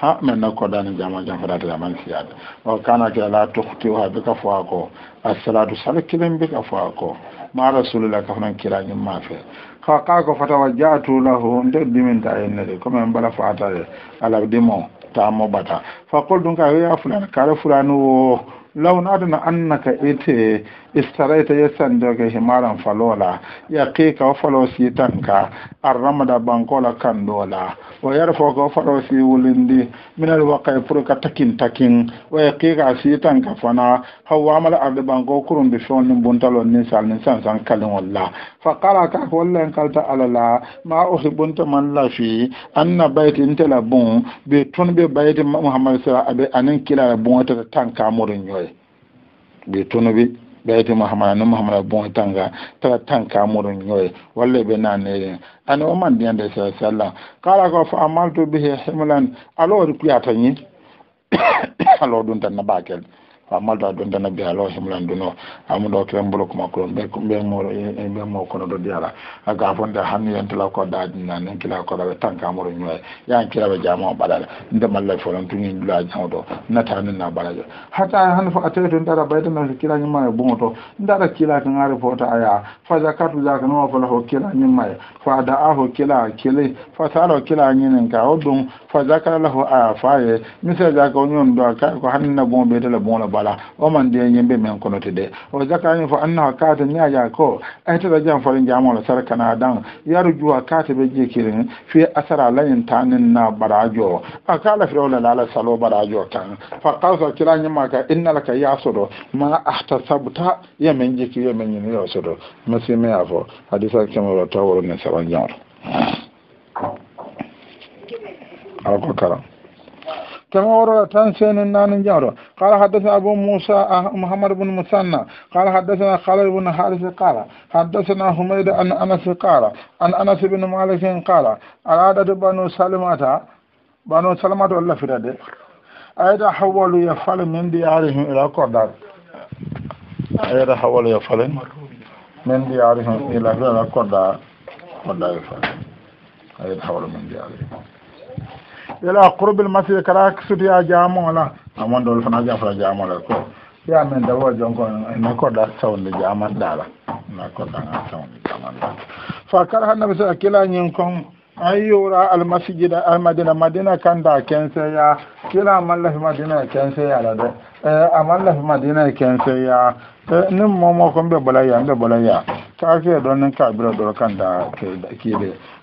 ha min na kodani jama jam fadata jaman siyade na kana kira la toktiwa be ka fo a ko assalatu sala kilen ka a ko ma rasulullah ka fanan kirañin ma fe ha ka ko wa jaatu lahu nde diminta henne de comme en mbala fo atade ala dimo tamo bata fa kol ɗum ka ya fulani kare fulani laun adana annaka ite istaraita ya sando ga himaran falola ya kika wa falosi tanka an rama da bankola kan dola wa yar foka falo falosi wulindi minar wakai furka takin takin wa ya kika si tanka fana hawa mala arda banko kurun bi shonin buntalon nisal nisan san kalin walla fa kala ka wallan kalta alala ma bunta man lafi anna baiti intalabun bi tun bi baiti muhammad sallallahu alaihi wasallam anin kila bun wata tanka murin yoy de tono bi ɓeyte mahamana no mahamana bon tanga tara tanka muro ñoye walla ɓe nanere ani o man ndiyande sa sallam kala ko fa amaltu bihi himlan alo waɗi kuyata ñi alo ɗum tan na bakel famalta ɗon tana be ala o himlanduno amuɗo kiren mbolo kuma kuron ɓe ɓe mo kono ɗo diyala aga fonde hannu yentila ko daadina nen kila koɗaɓe tanka amoro ñoye yan kiraɓe jama o ɓaɗale ndemalla folon tuñi dula jamo ɗo natani na ɓaɗajo hata hande fo a tawi to ndara ɓaytana so kilañimma e bumo to ndara kilaka gaari fota aya fa zakatu zaka noma fola ho oh, kilañimma e fa da a ah, ho oh, kila kili fa sala o oh, kilañinen ka o fa zakara ho aya ah, faye misal zaka o do ka ko hannina bumo ɓeytala bumola bala o man de yimɓe men kono tede o ni fo annaha kaate ñaaƴa ko aytata jam faren jamolo sar kana dan yaru juwa kaate ɓe jekirin fi asara layin tanin na barajo a kala la la salo barajo tan fa qasa kira ñima ka innalaka yasoɗo ma ahtasabta yemin jiki yemin ñini yosoɗo misime ya fo hadisa kemero taworo ne saban jawto ko karam كما تمور تنسين النان جمر قال حدثنا أبو موسى أه، محمد بن مسنى قال حدثنا خالد بن حارث قال حدثنا حميد أن أنس قال أن أنس بن مالك قال أرادت بنو سلمة بنو سلمة ولا فرد أيضا حولوا يفعل من ديارهم إلى قدر أيضا حولوا يفعل من ديارهم إلى قدر قدر يفعل أيضا حولوا من ديارهم ila qurbil masjid kala sutiya jamo la amon dol fana fara jamo la ko ya men da wo jonko na ko da ma da la na ko da na sawni jaman dala fa kar hanna bisa kila nyin kon ayyura al masjid al madina madina kan da kense ya kila amalla fi madina kense ya la de eh amalla fi madina kense ya e, nin momo kon be ya be bolaya ka ke don nan ka bira dor kan da ke da ke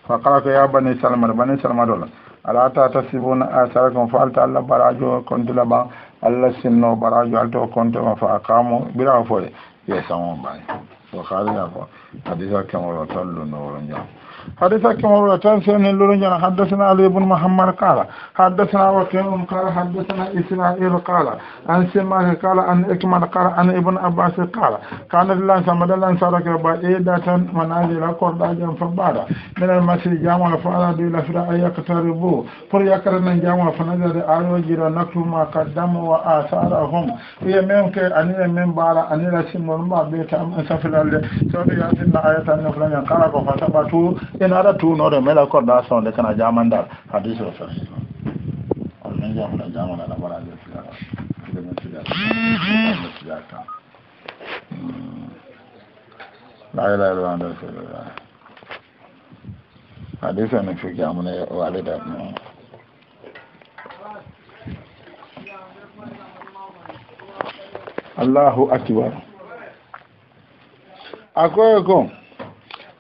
فقال يا بني سلمة بني سلمة دولا ألا تتسبون آثاركم فألت ألا براجو كنت لبا ألا سنو براجو ألتو كنت فأقاموا بلا فولي يسامون باي وقال يا فو حديثة كما رتلوا نورا جاء حديث كما رويتان سنة لورنجان حدثنا علي بن محمد قال حدثنا وكيع قال حدثنا إسرائيل قال عن سماك قال عن إكمل قال عن ابن عباس قال كان الله سمد الله سارك بعيدة منازل قرد أجن فبارا من المسيح جامع فعلا دي لفرا أي يقتربوا فر يكرن جامع فنزل آيو جيرا نكتب ما قدم وآثارهم هي منك أني من بارا أني لسنون ما بيتا من سفل الله سوري ياسين آية نفلان قال فسبتوا ina ada tunoɗo mela korɗa sonde kana jamandal hadis o fe min jamana jamana na wara nder sigara nder sigara nder sigara kan la ilaha illa anta Allahu akbar akoyo ko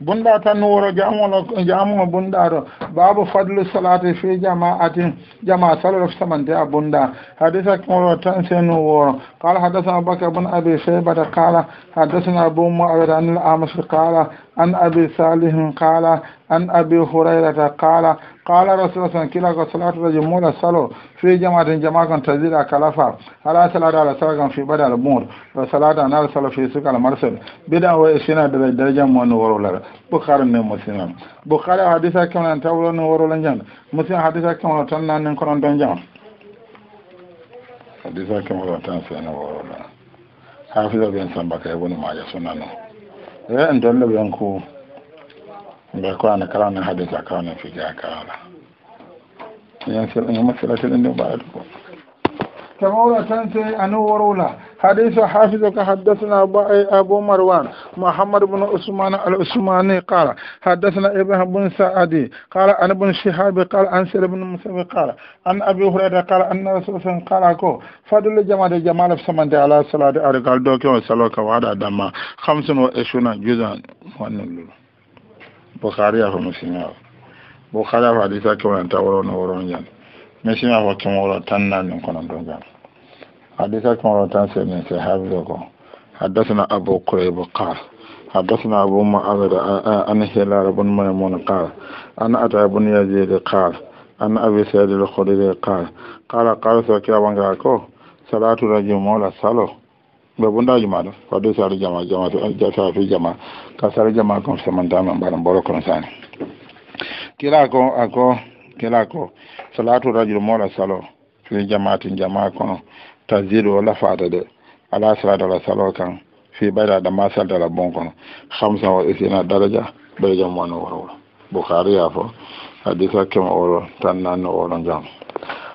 bunda ta woro jamulo jamumo bunɗa ɗo babu fadlu salati fi jama'atin jama'a salaf samante abunda hadisa kuma tan senu woro qala hadatha abubakar bin abi shaybah qala hadathana abu mu'awiyah an al-amash qala an abi salih qala an abi hurairah qala قال رسول الله كلا صلاة رجل مولا صلو في جماعة جماعة تزيد كلافا على صلاة على صلاة في بدل الأمور وصلاة على صلاة في سكة المرسل بدا وإشنا درجة من ورولر بخار من مسلم بخار حديثة كما أنتظر woro ni worola jang musin hadisa kemoro tan nannin konon don jang hadisa kemoro tan sene worola hafiza ben sambaka e woni maja sunano e en dolle ɓen ko ɓe koyani kalanin hadisa kalanin figa kalala yen masalatel en ɗe mbaɗata ko kemoro tan se حديث حافظك حدثنا أبو مروان محمد بن عثمان العثماني قال حدثنا ابن بن سعدي قال أنا بن شهاب قال عن سير بن مسلم قال أن أبي هريرة قال أن رسول الله قال كو فضل جمال جمال سمنت على صلاة أرقال دوكي وصلوك وعدا دماء خمس وعشرون جزءا ونلو بخاري أفو مسلم بخاري أفو حديثة كوانا تورون ورون جان مسلم أفو كمورا تنال من كنا دون جان حدثك مرة ثانية في حفظك حدثنا أبو كريب قال حدثنا أبو معاذ أن هلال بن ميمون قال أنا أتى بن يزيد قال أنا أبي سيد الخليل قال قال قال سوكي أبن غاكو صلاة الجمعة صلو babun da jama'a da sai an jasa fi jama'a ka sai jama'a kon sai man kira ko ako kira ko salatu rajul mola salo ta wala la fata de ala sira da la kan fi bada da masal da rabon kon khamsa wa isina daraja daraja mo no woro bukhari ya fo hadisa kema woro tan nan no woro jam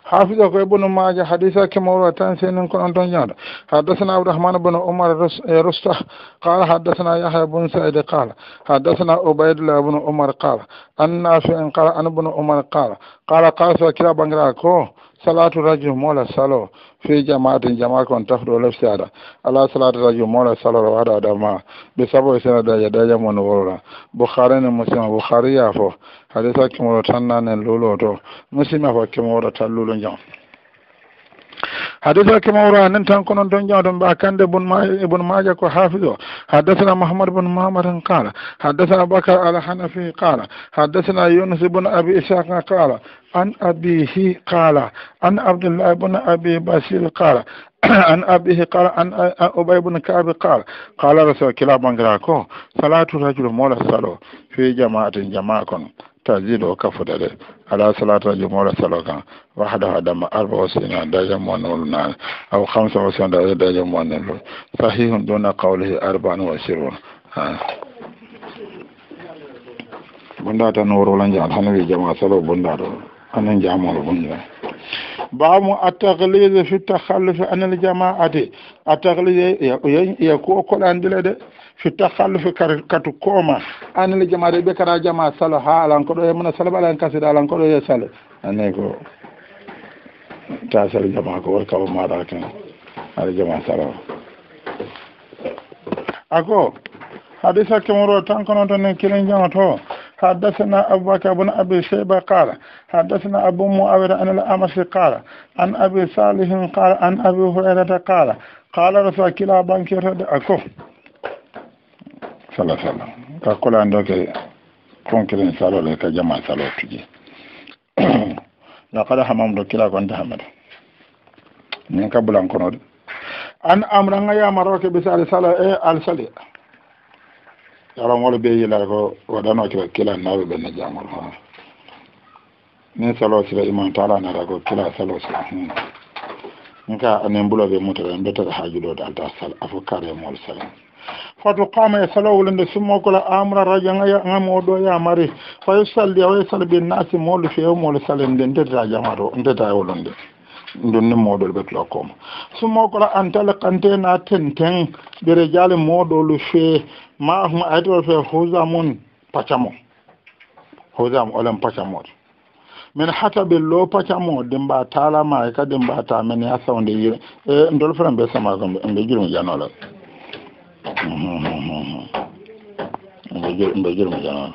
hafiza ko ibnu majah hadisa kema woro tan senen kon don nyaada hadathana abdurrahman ibn umar rusta qala hadathana yahya ibn sa'id qala hadathana ubaidullah ibn umar qala anna fi an qala ibn umar qala qala qala sa kira bangra ko salatu radio mola salo fi jama'atin jama'a kon tafdo laf sada ala salatu radio mola salo wa da da ma be sabo sena da ya da ya mon worora bukhari ne musima bukhari ya fo hadisa kimo tan nan lolo to musima fa kimo wora tan lolo حدثنا كما ورا أن تنكون دنيا دم بأكان بن ما ابن ماجه كو حافظ حدثنا محمد بن محمد قال حدثنا بكر على حنفي قال حدثنا يونس بن ابي اسحاق قال عن أبيه قال عن عبد الله بن ابي بشير قال an abihi qala an ubay ibn ka'b qala qala rasul kila الله ko salatu صلاه الرجل مولى الصلاه في جماعه جماعه tajir o ka fuda de ala salata jumora salo kan wahada hadama fi ya de fitta hallufi katu kooma anile jamaɗe ɓe kara jama salo ha alankoɗo e mona salo ɓalan kasida alankoɗo ye salo ane ko ta salo jama ko wor kawo maɗa ken aɗa jama salo ako hadisa kemoro tan kono to ne kilen jama to حدثنا أبو بكر بن أبي شيبة قال حدثنا أبو معاوية عن الأمش قال عن أبي صالح قال عن أبي هريرة قال قال رسول الله بنك أكف sala sala ka kola ando ke konkirin salo le ka jama salo tuje laqad hamamdo kila gonta hamada min ka bulan kono de an amranga yamaroke bisali sala e eh, alsali yaron wala be yila ko wadano ke kila nawe be na jangol ni salo sira Iman taala na rago kila salo sira hmm. nka anen bulo be mutara mbeta hajudo dal ta sal afukare mol salam fato kama e salawole nde summogola amra radio ngaya ngama oɗo yamari fayo salde awa salbi naasi molo fewo molo salen nde ndedda jamaro ndedda olon nde ndun ni moɗol ɓe tuwakoma summogola antale kantena tenten ɓere jale moɗolu fe mahum aydoo fe hosa mun pacamo hosa mu olen pacamode min hata ɓe lo pacamode mba talama e kadi mbata men ya sawde yire e ndol frem ɓe samaɓe jurmi janolal mbe jurmi janoon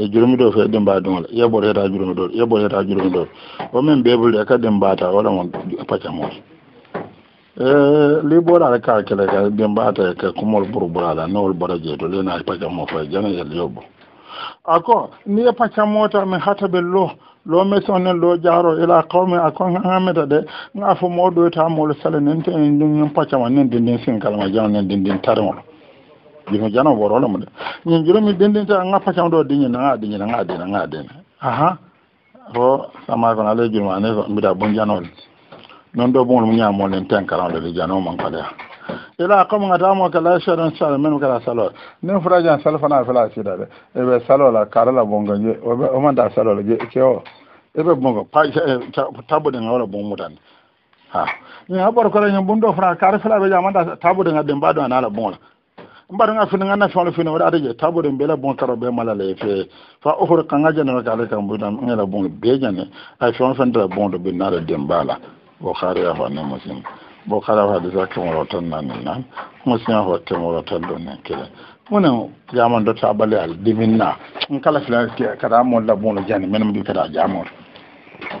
e jurmi ɗo fee ɗi mbawi ɗumala yeɓɓoto heta jurmi ɗo yeɓɓoto heta jurmi ɗo o min beɓulde kadi mbata waɗamo pacca mum e eh, liɓoɗaɗa kar kele ka ɗi mbata ka kumol ɓuru ɓuraɗa nowol ɓoɗa jeyto lena pacca mo fay jana yel yoɓɓo ako ni e pacca mota mi hata bello lo ne lo jaro ila qawmi akon hameta de nga fo modo ta mol sala nen te en dum pacama nen dindin sin kalma jaw nen dindin tarmo jino jano woro la mo de ni jiro mi dindin ta nga pacama do dinyi na dinyi na dinyi na dinyi aha ro sama ko ale jiro ne mi da bon jano non do bon mo nya mo len tan kalma de jano man kada ila kama ka taamo ka la sharon shar men ka salo ne fura jan sal fana la ci da be e be salo la kala la bon je o be o man da salo la je ke o e be bon bonga pa e, tabo de ngawla bon mutan ha ni ha bor ko la bon do fra kara sala be jama da tabo de ngadem ba do na la bon la mbar nga fini nga na fala fini wada de tabo de bela bon taro be mala le fe fa o hor kan kanga jana ka le kan budan la bon be jane ay fon fon da bon do be na la dem bala o khare ya fa ne musin bo kala hadisa kemoroton nan nan kuma musiya ho kemoroton don nan kelen wannan yaman da ta bale al diminna in kala fila kada mo da bono jani menum bi kada jamor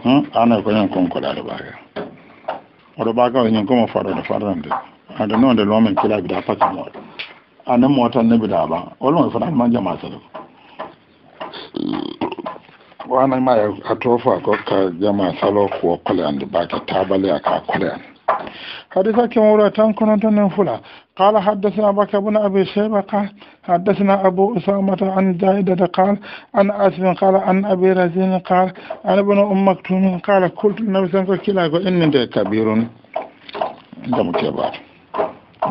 hm ana ko nyon kun kula da baga odo baga nyon ko mo faro do farande ada non da lo men kila bi da fata mo anan mo tan ne bi da ba o lo fara man jama'a sa do wana ma ya atofa ko ka jama'a salo ko kole and baga tabale aka kula an حديثك مولا تنكن تنفلا قال حدثنا بك بن أبي شيبة قال حدثنا أبو أسامة عن زائدة قال عن أسم قال عن أبي رزين قال عن ابن أم مكتوم قال قلت النبي صلى الله عليه وسلم إن ده كبير دم كبار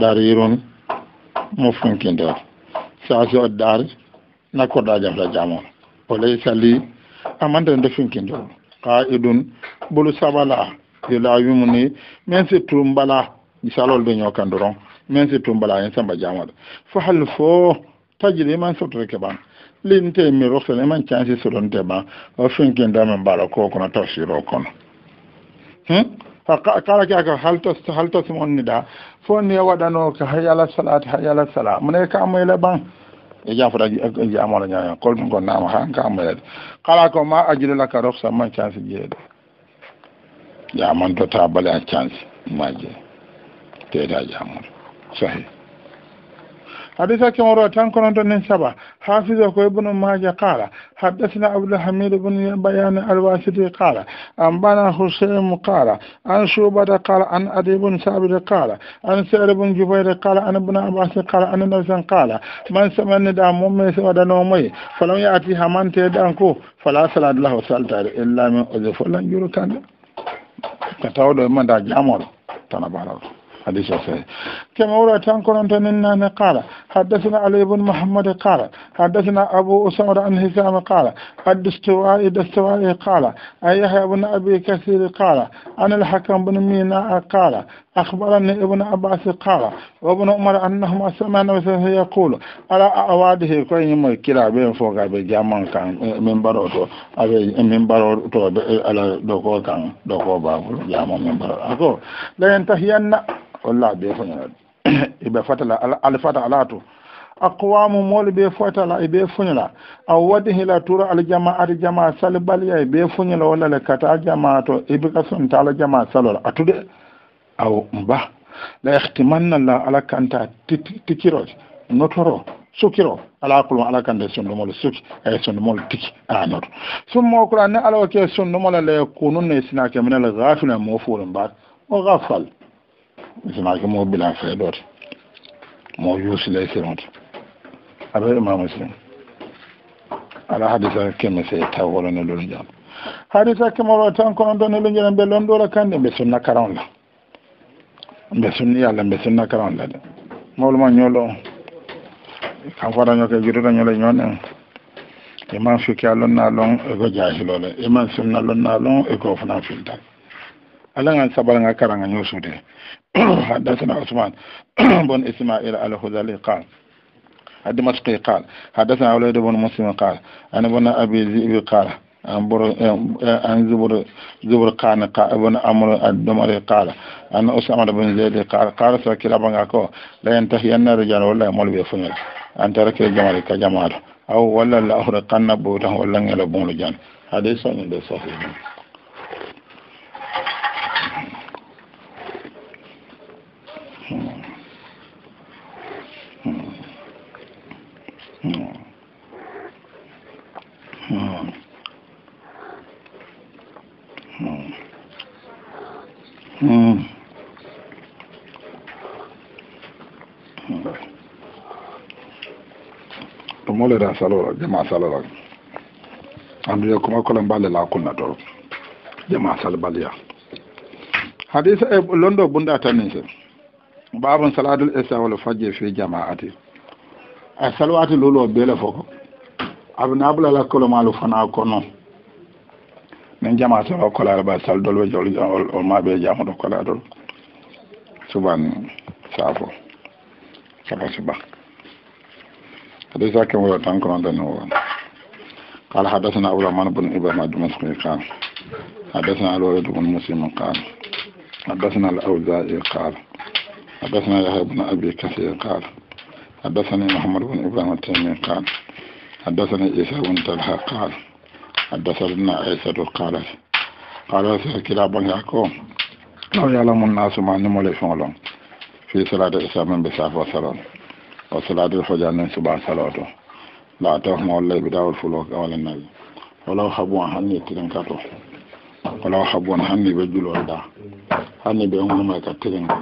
درير مفنكين دار ساسو الدار نكو داجم لجامون وليس لي أمان دفنكين دار قائد بلو سبلا de la yumuni men si tumbala misalol ɓe ñokan doron men si tumbala hen samba jamata fo hal fo tajiri iman sotore keɓan linte mi roksene iman cansi sotonte ban o finkindamen mbaɗa ko kono tafsiro hmm? kono kala ke aka haltas on ni da fo ni waɗano ka hayala salat hayala sala mune ka muyla ban e jafata e, e jamoɗo ñaña kolɗum gonnama han ka muyla kala ko ma ajilolaka roksa man cansi jeeɗo ya ta bala a chance maje ta yi daji amur sahi hadisa kin wuri tan kwanan nin saba hafiz ko ibnu maja qala haddathna abdul hamid ibn bayan al wasiti qala an bana husayn qala an shubada qala an adib ibn sabir qala an sa'ir ibn da qala an ibn abbas qala an nawsan qala man sama da mun mai sa da no mai ya ati haman te dan ko fala salatu lahu salta illa min uzfu lan ka tawa ɗo manda jamol tana balal حديث صحيح كما ورد عن كرنتن قال حدثنا علي بن محمد قال حدثنا أبو أسامة عن هشام قال الدستوائي الدستوائي قال أي يحيى بن أبي كثير قال عن الحكم بن ميناء قال أخبرني ابن عباس قال وابن عمر أنهما سمعنا مثلا يقول على أواده كوين مر كلا بين فوق بجامع كان من بروتو أبي من بروتو على دكو كان دكو بابو جامع من برو أكو لا ينتهين walla be fuñanade eɓe fatala alfata ala to aqwamu moolu ɓe fotala e ɓe fuñala aw waɗi hila tura aljama ata jama sali baliya e ɓe fuñala walla le kata jama to ibi ka sonta ala jama salola atude aw mba la ihtimanna la ala kanta tikiroje notoro sukiro ala kulum ala kande sondumol suki ay sondumol tiki a noto summo kura ne ala ke sondumol le kunun ne sinake minal ghafila mo fuurin ba o ghafal sinake mo bila feeɗote mo yuusile sirote aɗa ima muslim ala hadisa keme se taw wolone lolu jam hadisa kemoro tan kono ɗon elu jana ɓe lonɗora k'an ɓe sunna karan la ɓe sunni allah ɓe sunna karan la de mawluma ñolo kam fadañoke jiruɗo ñolo ñonen iman fikki a lonna lon eko jahilole iman sunna na lon eko fana filtal alan an sabar nga karang an yusu de hadathana usman bon ismail al khuzali qal hadd masqi qal hadathana ulaid bon muslim qal ana bon abi zib qal an bur an zubur zubur qan qal bon amr ad damar qal ana usama bin zaid qal qal sa kila banga ko la yantahi an rajal wala mal bi funal an taraka al jamal ka jamal aw wala la ahra qanna bu tah wala ngal bon lo jan hadithana de sahih ɗum moleda salola jama salola anduye koma kola mballe lakulna to jama sal balya hadisa e londo bunda tanni se baabun salatul estawal fajje fi jamaati a eh, salwati lolo bele foko abna abla la kolo malu fana kono min jama'a to ko la ba sal dol be jol o ma be jama do ko la dol suban safo safo suba hadisa kan wala tan kono dan no قال حدثنا أبو الرحمن بن إبراهيم الدمشقي قال حدثنا الوليد بن مسلم قال حدثنا الأوزاعي قال حدثنا يحيى بن أبي كثير قال حدثني محمد بن إبراهيم التيمي قال حدثني عيسى بن طلحة قال حدثنا عيسى قالت قال سيكلا بن يعقوب لو يعلم الناس ما نمولي فعلهم في صلاة عيسى من بساف وصلاة وصلاة الفجر من سبع صلاته لا تهم ولا بداو الفلوك ولا النبي ولو حبوا هني تلنكاتو ولو حبوا هني بجلو الدا هني بهم ما كتلنك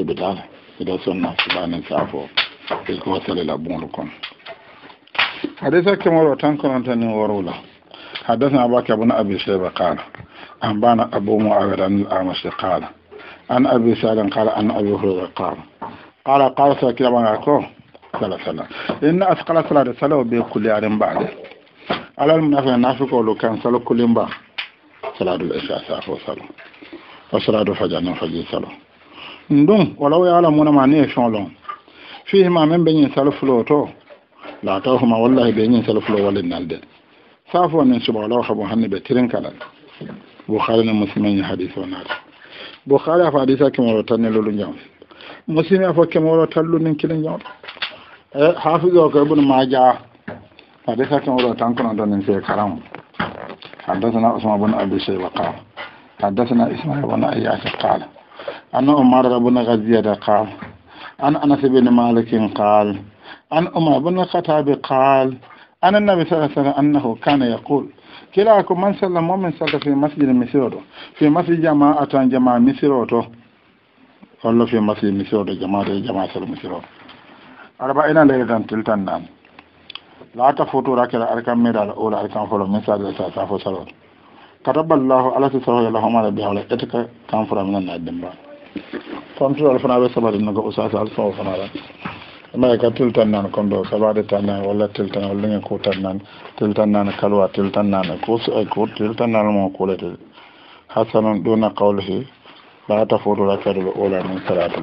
إبتال إذا سنة سبع نسافه ilka wasale la bundu kon hadisa kemoro tan kono tan ni woro la hadasna abaka ibn abi shayba qala an bana abu mu'awid an al-amsi qala an abi salim qala an abi hurairah qala qala qala sakira ma ko sala sala in asqala sala de sala be kulli arin ba de alal munafiqun nafiqu lu kan sala ba salatu isha safo sala wa salatu fajr fajr sala ndum wala wa'lamuna ma ne shon long fihi ma men ɓe salfulo to latawhuma wallahi ɓe salfulo salfulo wallinnalde safo nen subahalaw habo hanne ɓe tirin kala bukhari no musidmeñi hadise o naata bukhari afo hadisa a kemoro tanni lolu jam musidme afo kemoro tallunin kilin jamɗo e hafize o ko ibnu maja hadise a kemoro tankono ɗonin fe karam حدثنا عثمان بن ابي شيبه قال حدثنا اسماعيل بن اياس قال ان عمر بن غزيه قال عن أنس بن مالك قال عن أمر بن الخطاب قال عن النبي صلى الله عليه وسلم أنه كان يقول كلاكم من سلم ومن سلم في مسجد مصر في مسجد جماعة جماعة مصر wallo fi masi misiro da jama'a da jama'a sar misiro arba ina da yadda tiltan nan la ta foto rake da arkan mai da al'ula arkan fura min sa da sa safo sarwar kataballahu ala su da na ba control fana ɓe saɓaɗi nogo usasa alfao fanala maya ka tiltan nane comme tan kalwa tiltan nane ko eh, tiltan nane mo kulete hasanan qawlihi la min